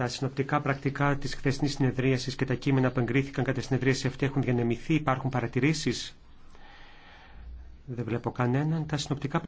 Τα συνοπτικά πρακτικά τη χθεσινή συνεδρίαση και τα κείμενα που εγκρίθηκαν κατά συνεδρίαση αυτή έχουν διανεμηθεί. Υπάρχουν παρατηρήσει. Δεν βλέπω κανέναν. Τα συνοπτικά